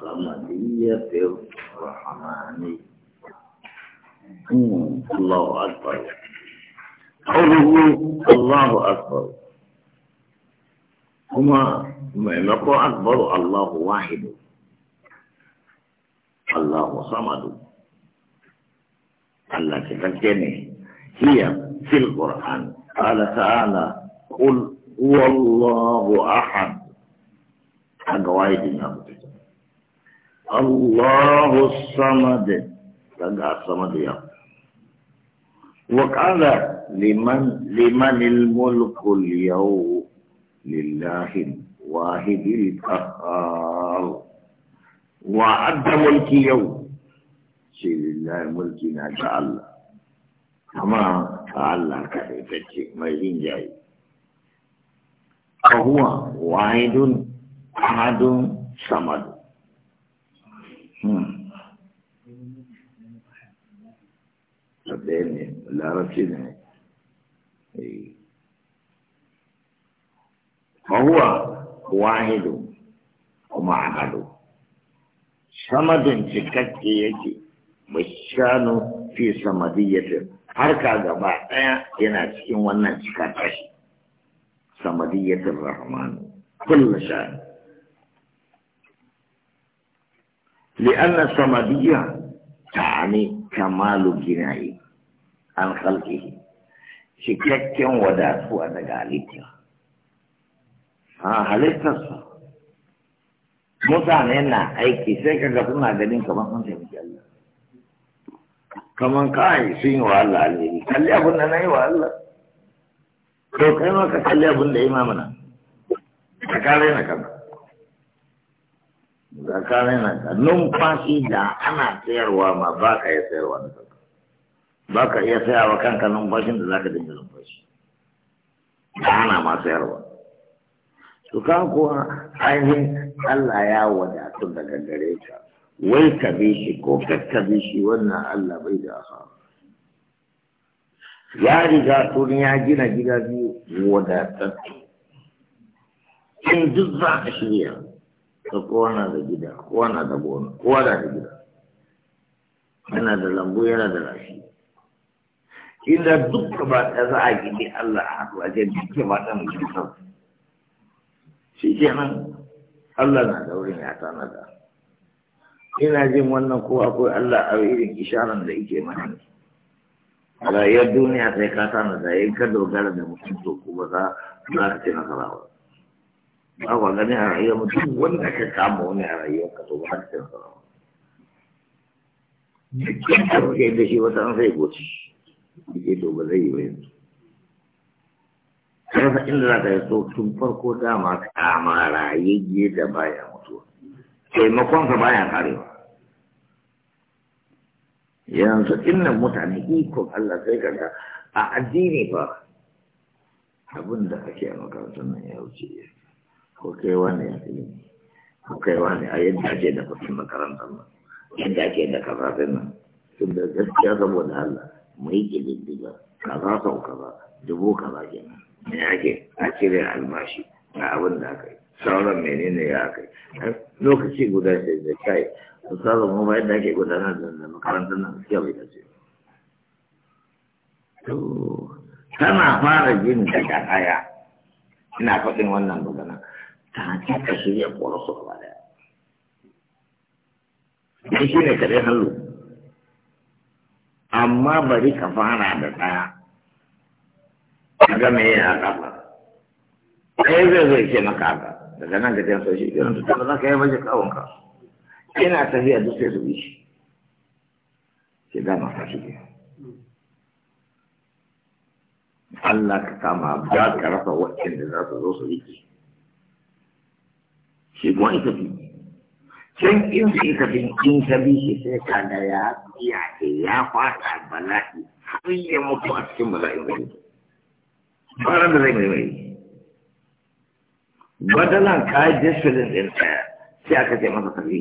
صمدية الرحماني الله أكبر قوله الله أكبر هما معنقو أكبر الله واحد الله صمد الله كتبتني هي في القرآن قال تعالى قل هو الله أحد أقوائد النبو الله الصمد تقع الصمد يا وقال لمن لمن الملك اليوم لله الواحد القهار وعد ملك يوم شيء لله شاء الله كما تعالى كيفتك ما جاي فهو واحد أحد صمد صدقني نعم. لا عرف كده فهو إيه. واحد ومعهد صمد في والشان في صمديته هر كذا هنا تكون وانا صمدية الرحمن كل شان لأن الصمدية تعني كمال جنائي عن خلقه شككا وداتو أنا قالتها ها halittarsa mutane na aiki sai ka ga suna ganin kamar sun kamar kai sun yi wa Allah kalli abin da na yi wa to kai ka kalli abin da ya mamana kare na tsakanin na ka numfashi da ana sayarwa ma ba ka iya sayarwa da kanka ba ka iya sayawa kanka numfashin da za ka dinga numfashi da ana ma sayarwa to kan kuwa ainihin Allah ya wadatu daga gare ka wai ka bi shi ko ka bi shi wannan Allah bai da asara ya riga tuni ya gina gida biyu wadatattu in duk za ka shirya to kowa na da gida kowa na da gona kowa na da gida yana da lambu yana da rashi inda duk ba ta za a gidi Allah a haka a jan duk gaba ɗaya mai sau shi nan Allah na da wurin ya da. ina jin wannan ko akwai Allah a irin isharar da yake mana rayuwar duniya sai ka da yin ka dogara da mutum to kuma za ka ce nasara ba ba kwa gani a rayuwa mutum wanda ka samu wani a rayuwa ka to ba har sai sa dukkan da kake da shi wata an sai goci yake to ba zai yi ba yanzu rasa inda za ka yi so tun farko dama kama rayayye da baya mutuwa taimakon ka baya karewa yanzu innan mutane ikon Allah sai ka ga a addini ba abin da ake a makarantar nan ya wuce yanzu ko kai wani ya fi ko kai wani a yadda ake da kuɗin makarantar nan yadda ake da kafafin nan sun da gaskiya saboda Allah mu yi kididdiga kaza sau kaza dubu kaza kenan me ake a cire albashi na abin da aka yi sauran menene ya aka yi eh, lokaci guda sai da kai misalin mu bayan da ake gudanar da makarantar nan gaskiya bai dace to tana fara jin daga aya ina faɗin wannan magana ta ce ka shirya bola su gaba daya da amma bari ka fara a ga me ya ƙafa ɗaya zai zai daga nan irin ba za ka yi mace kawunka ina tafiya duk sai su bi shi ke Allah ka kama ka rasa da za su zo su shi kuma ita fi can in sai ka in ka shi sai ka da ya ya ke ya fata bala'i har ya mutu a cikin bala'in da zai mai mai badalan ka yi disfilin ɗin ɗaya sai aka ce masa tafi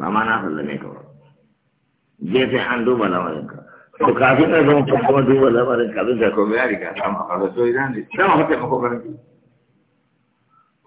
ba ma na sallame ka ba je sai bala duba to kafin a zama kuma duba lamarinka abin da kuma ya riga sama a rasu idan ne dama mata mako farin ciki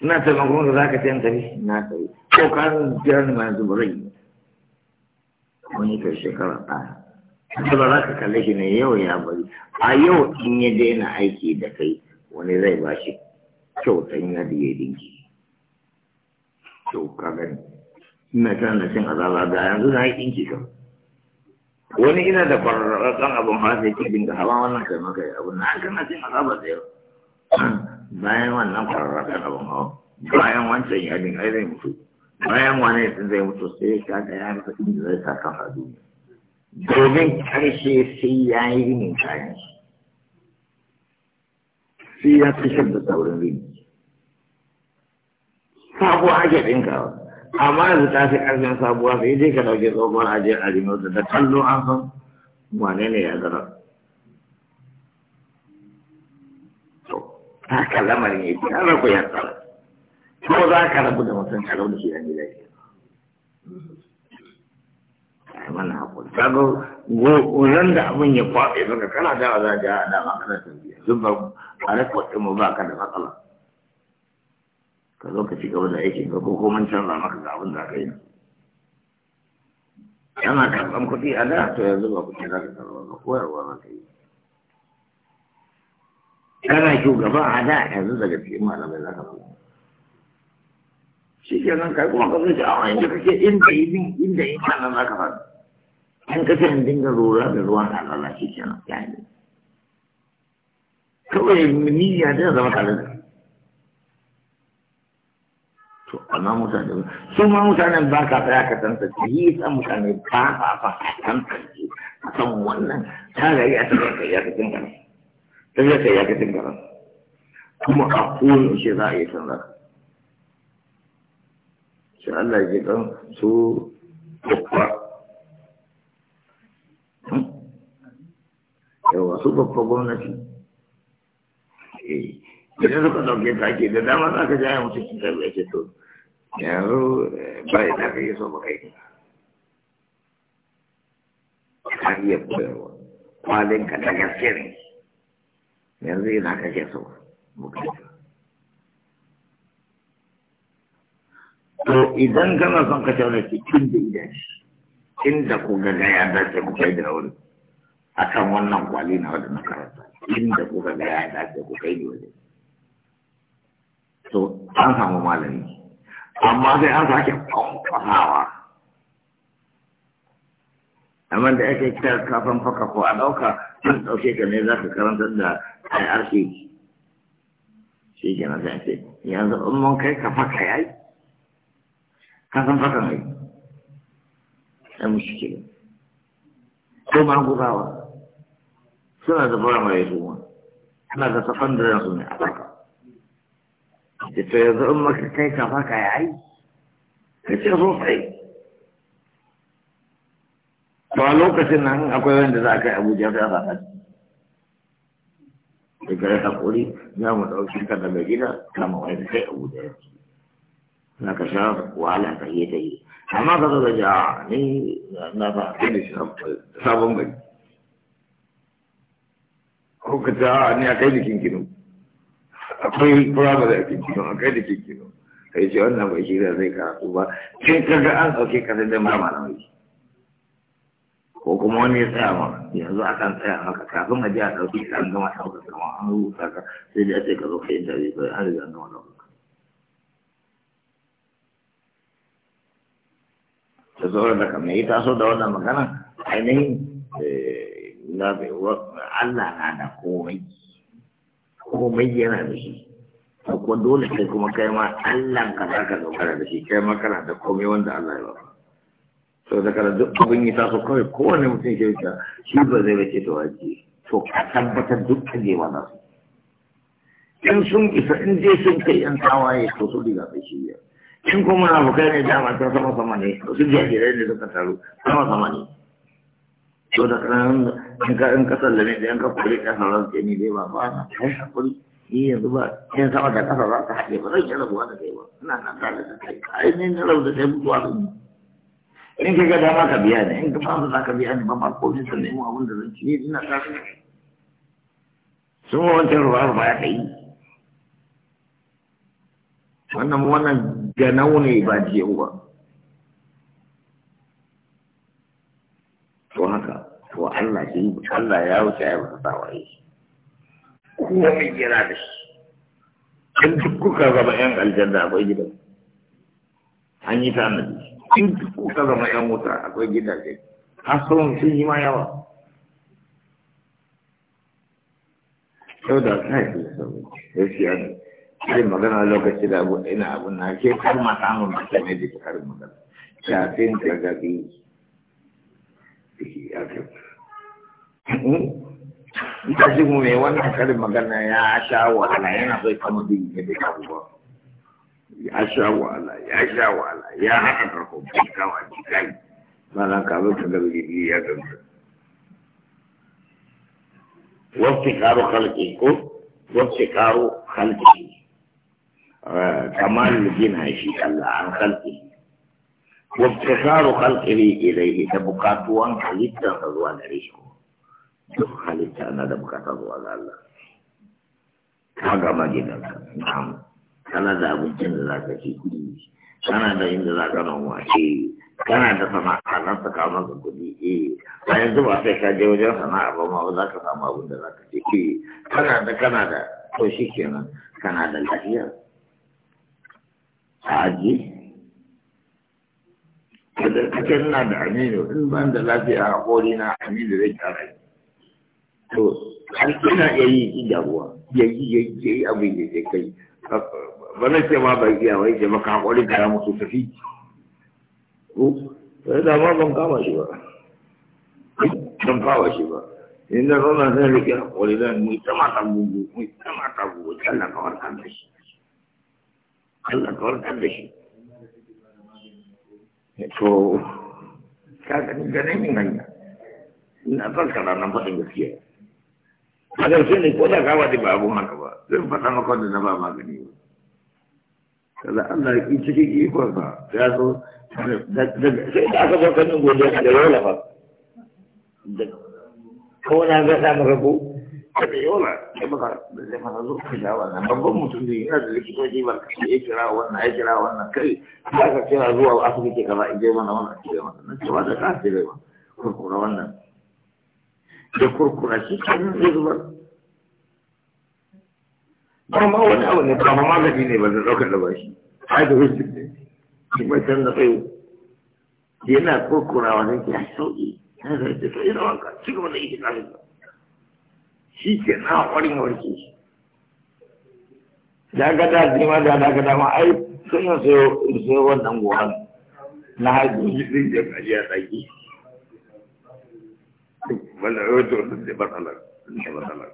ina taimakon da za ka tayan tafi na tafi ko ka jira ni ma yanzu ba zai yi wani kai shekara ɗaya da ba za ka kalle shi ne yau ya bari a yau in ya daina aiki da kai wani zai ba shi kyautan ya da ya dinki to ka gani ina kan da cin azaba da yanzu na yi dinki kan wani ina da kwararrakan abin hasa yake dinga hawa wannan kai maka abin na kan cin azaba da yau bayan wannan kwararra ka abin hawa bayan wancan yadin ai mutu bayan wani sun zai mutu sai ka ga ya rasa inda zai sa kan a domin karshe sai ya yi ne kayan shi sai ya fitar da saurin rini sabuwa ake ɗinkawa amma yanzu ta fi ƙarfin sabuwa sai dai ka ɗauke tsohon ajiyar ajiyar da kallon an san wane ne ya zara haka lamarin ya ce an rabu ya tsara ko za ka rabu da mutum ka rabu da shi yanzu zai ai mana hakuri ka ga wurin da abin ya kwaɓe maka kana da za ga da makarar tarbiyya ba a ɗin mu ba ka da matsala ka zo ka ci gaba da aikin ka ko mun canza maka ga abin da ka yi yana karɓar kuɗi a da to yanzu ba kuɗi za ka karɓar ba koyarwa za ka yi kana shugaba a da yanzu daga cikin malamai za ka zama shi ke nan kai kuma ka zai a inda kake inda yi bin inda yi malam za ka faɗi an kace in dinga rora da ruwan halala shi ke nan ya yi kawai niyya da zama kare. da to amma mutane su ma mutanen ba ka tsaya ka tantance yi san mutane ba ka ba ka tantance san wannan ta gari a cikin kai ya cikin kai sai ya kai ya kasin kuma a kowane shi a yi sallah Allah su babba hmm? yawa su babba eh, suka ɗauke ta da dama za ka jaya mutum cikin karbi ake ya da ka yi so ba kai yanzu yana kake so to idan kana son ka tauna cikin da idan inda ku ga gaya dace ku kai da wuri kan wannan kwali na wadda makaranta inda ku ga gaya dace ku kai da wuri to an samu malami amma sai an sake kwamfasawa amma da ake kira kafan faka ko a ɗauka an ɗauke ka ne za ka karanta da irc shi ke na sai yanzu in mun kai ka faka ya yi ka san faka mai sai mu shi ko ma gudawa suna da fara mai su ma da safan da yansu ne a faka ita yanzu in maka kai ka faka ya yi ka ce sosai to a lokacin nan akwai wanda za a kai abuja ta zaka sai ka yi hakuri za mu ɗauki ka daga gida kama mu wani kai abuja yanzu za ka sha wahala ka yi ta yi amma ka zo da ja ah, ni na fa da sabon gari ko ka ta ah, ni a kai da kinkinu akwai furama da kinkinu a kai da kinkinu kai ce wannan bai shi da zai ka ba sai ka ga an ɗauke ka da ma malamai ko kuma wani ya tsaya ma yanzu a kan tsaya maka kafin a je a ɗauki ka an gama ɗaukar kama an rubuta ka sai dai a ce ka zo ka yi tabi kawai an riga an gama ɗaukar ka. da sauran da kamar ya taso da wannan magana ainihin eh, Allah na da komai komai yana da shi ko dole kai kuma kai ma Allah ka zaka dogara da shi kai ma kana da komai wanda Allah ya baka sau da kada duk abin yi taso kawai kowane mutum ke wuce shi ba zai wace da waje to a tabbatar duk kajewa na su in sun isa in je sun kai yan tawaye to su diga sai shi ya in kuma na bukai ne dama ta sama sama ne to su jajirai ne suka taru sama sama ne to da kanan in ka in ka sallame da yan ka kore ka sauran ke ni dai ba ba na kai hakuri ni yanzu ba yan sama da kasa za ta haɗe ba zan yi rabuwa da kai ba ina na tare da kai ai ne na rabu da kai mutuwa da ni in ka gada ma ka biya ne in ka fasa za ka biya ne ba ma ko ta nemo abin da zan ci ne ina ta sun wancan ruwa ba ya kai wannan wannan ganau ne ba jiyau ba to haka to Allah yi Allah ya wuce ya yi ta waye kuma mai jira da shi kan duk kuka zama yan aljanna akwai gidan an yi tanadi in kuka zama wuta akwai gidaje hasron sun yi ma yawa yau da sai magana lokaci da ina na ke kar ma da kar magana shafin gabi ita shi hmm? mu mai wannan karin magana ya sha wahala yana zai kama bin ya bai ya sha wahala ya sha wahala ya haɗa farko bai kama jikai mana kazo ka ga gidi ya ganta wasu karo halki ko wasu karo halki kamar eh, gina shi Allah an halki وابتكار خلقه إليه تبقات وان حليتا فضوى نريشه دو حليتا أنا دبقات فضوى الله هذا ما جدا نعم kana da abincin da za ka ci kana da inda za ka noma eh kana da sana'a na ta kawo maka kuɗi eh a yanzu ba sai ka je wajen sana'a ba ma za ka samu abin da za ka ci eh kana da kana da to shi kenan kana da lafiya a aji kada ka ce ina da aminu in ban da lafiya a kori na aminu zai kara to har ina yayi idaruwa yayi yayi abin da zai kai ba na ce ma ba iya wai ce maka haƙuri da ya musu tafi ko sai da ma ban kama shi ba ban kama shi ba in da zauna zai rike haƙuri da mu ta gugu mu ta mata gugu Allah ka warkar da shi Allah ka warkar da shi to ka ganin ganin hanya ina farka ranar faɗin gaskiya Agar sini ne ko da kawa da ba abun haka ba zan faɗa maka wanda na ba magani a kaza Allah ya ƙi cikin ikonsa sai da aka zo kanin godiya da yola ba ko na ga da maka ko da yola da maka da maka zo ka da wannan babban mutum ne yana da likitoci ka ya kira wannan ya kai za ka zuwa mana a mana na ada kasih da Kurang kurang mana. wannan da kurkura shi kenan zai zubar ba ma wani abu ne ba ma magani ne ba zai ɗaukar da ba shi ai da wasu ne shi mai can da tsayo yana kurkurawa don ki a sauƙi yana da ita tsaye da wanka ci gaba da ita ƙarfi shi ke na ƙwarin warke shi da ga da jima da da ga da ma ai sun yi sayo wannan gohan na yi zai jama'a ya tsaki wala wato da matsalar da matsalar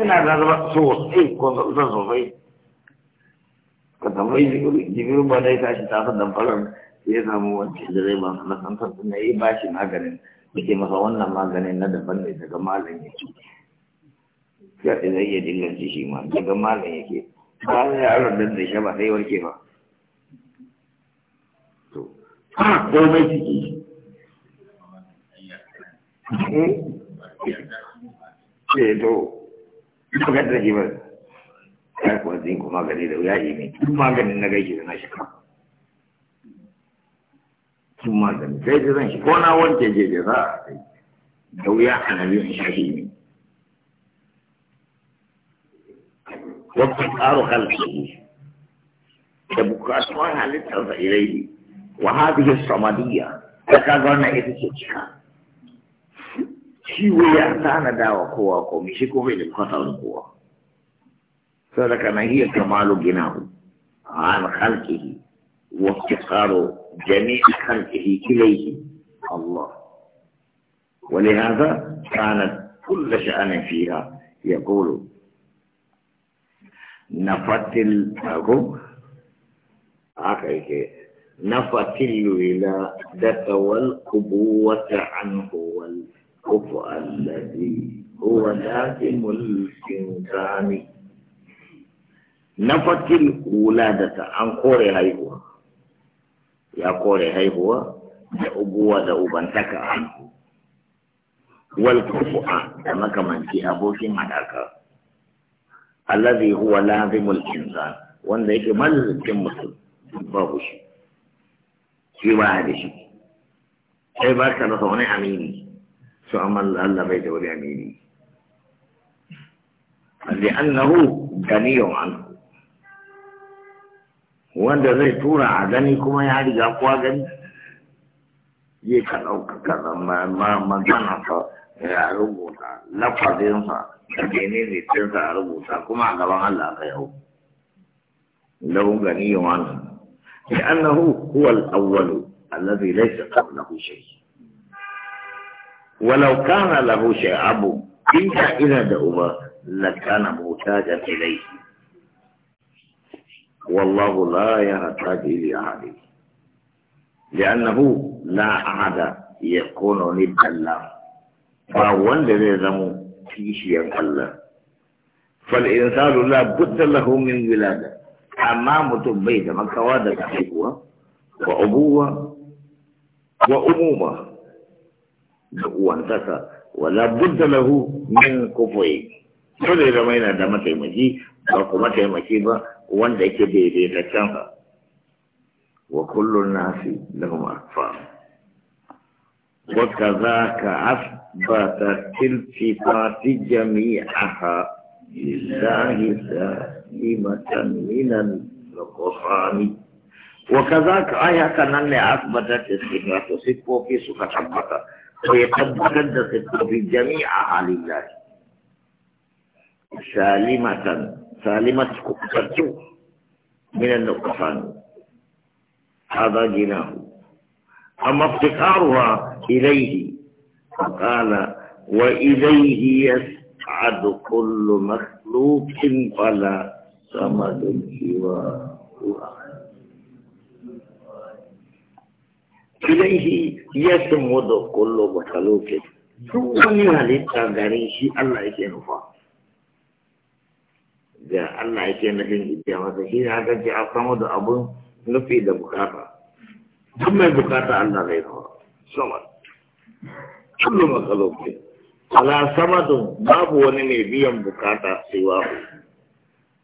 ina da zama sosai kuma zan sosai ka tambayi ba da ya samu da zai ba na yi bashi maganin masa wannan maganin na daban ne daga malam yake ya zai iya shi ma daga malam yake ba ya da zai sai warke ba to ha ciki eh ce to ba ga da jibar kai ko zin ko magani da wuya yi ne duk maganin na gaishe da na shi ka duk magani sai da zan shi ko na wanke je je za a kai da wuya a na biyu in sha shi ne wata tsaro halittarsa da bukatuwar halittarsa ilai wa hadhihi samadiyya ta kaga wannan ita ce cika kiwe ya sana dawa kuwa komai shi ko bai da kuwa so kowa sau da kana hiyar kamalu gina ku an halkihi wasu tsaro jami'in halkihi ilaihi Allah ولهذا كانت كل شأن فيها يقول نفت نفت الولادة والقبوة عنه والفعل الكفء الذي هو دافم الإنسان نفت الولادة عن قوري هيهوة يا قوري هيهوة لأبوة لأبنتك عنه والكفء كما كمان في أبوك مدعك الذي هو لازم الإنسان وان ذاك ملك مسلم بابوشي shi ba da shi sai ba ka rasa شو عمل هلا بيت ولي اميني لانه غني عنه وان ده زي تورا عدني كما يعني قاقوا غني يكال او كذا ما ما ما كان عصا يعرفوا لفظين فا تجيني زي تنسى عربوا فا كما قالوا الله غيهو له غني عنه لانه هو الاول الذي ليس قبله شيء ولو كان له شعب إن إلى دوما لكان محتاجا إليه والله لا يحتاج إلى أحد لأنه لا أحد يكون ند الله فأول في شيء الله فالإنسان لا بد له من ولادة أما متبيت من كوادة أبوة وأبوة وأمومة da uwantaka wala budda lahu min kufai dole da zama yana da mataimaki ba kuma taimaki ba wanda yake daidaitaccen sa wa kullun nasi lahum akfar wa kadhaka asbata tilfifati jami'aha lillahi sa'imatan minan nuqsani wa kadhaka ayatan nan ne asbata tilfifati sifofi suka tabbata ويتبكر في جميع الله سالمة سالمة كفتة من النقصان هذا جناه أما افتقارها إليه فقال وإليه يسعد كل مخلوق فلا صمد سواه ilaihi yasmudu kullu makhluqin duk wani halitta gare shi Allah yake nufa da Allah yake nufin ibiya masa shi ne haka a samu da abun nufi da bukata duk mai bukata Allah zai kawo sama kullu makhluqin ala samadun babu wani mai biyan bukata sai wa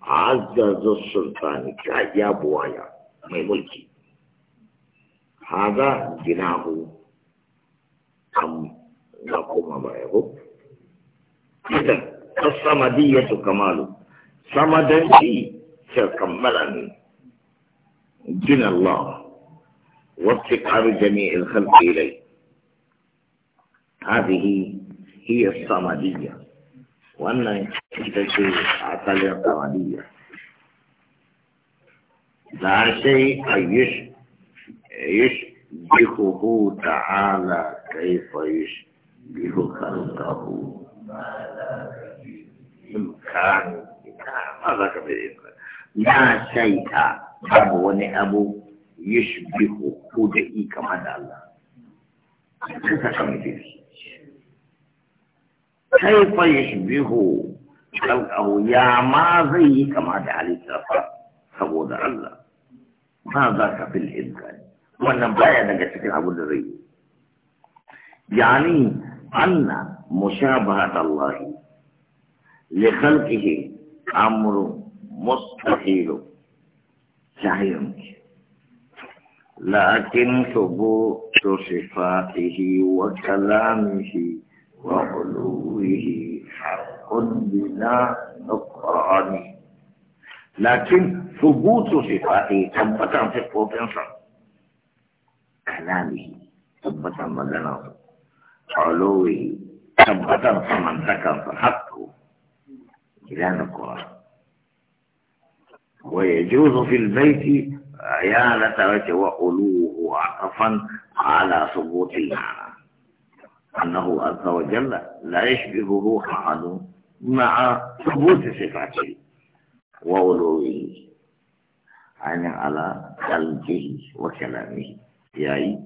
azza sultani ya buwaya mai mulki هذا جناه أم لكم بأيه إذا الصمدية كمال صمدا في كملني جنى الله وابتكار جميع الخلق إليه هذه هي الصمدية وأن شيء أعطى الصمدية لا شيء أن يشبه يشبهه تعالى كيف يشبه خلقه إمكان ماذا كبير لا شيء أبو أبو يشبه خدئي كما الله كيف يشبه خلقه يا ماضي كما عليك سبود الله ماذا في الإمكان wannan baya daga cikin abin da zai yi yani anna mushabahat Allah li khalqihi amru mustahil sahih lakin subu sifatihi wa kalamihi wa uluwihi haqqun bila ثبوت صفاته subutu sifatihi tabbatan fi qutansa كلامه ثبت مدنه علوه ثبت فمن تكن حقه الى القرآن ويجوز في البيت عيالة وعلوه عطفا على ثبوت المعنى أنه عز وجل لا يشبه روح أحد مع ثبوت صفاته وألوه يعني على قلبه وكلامه yayi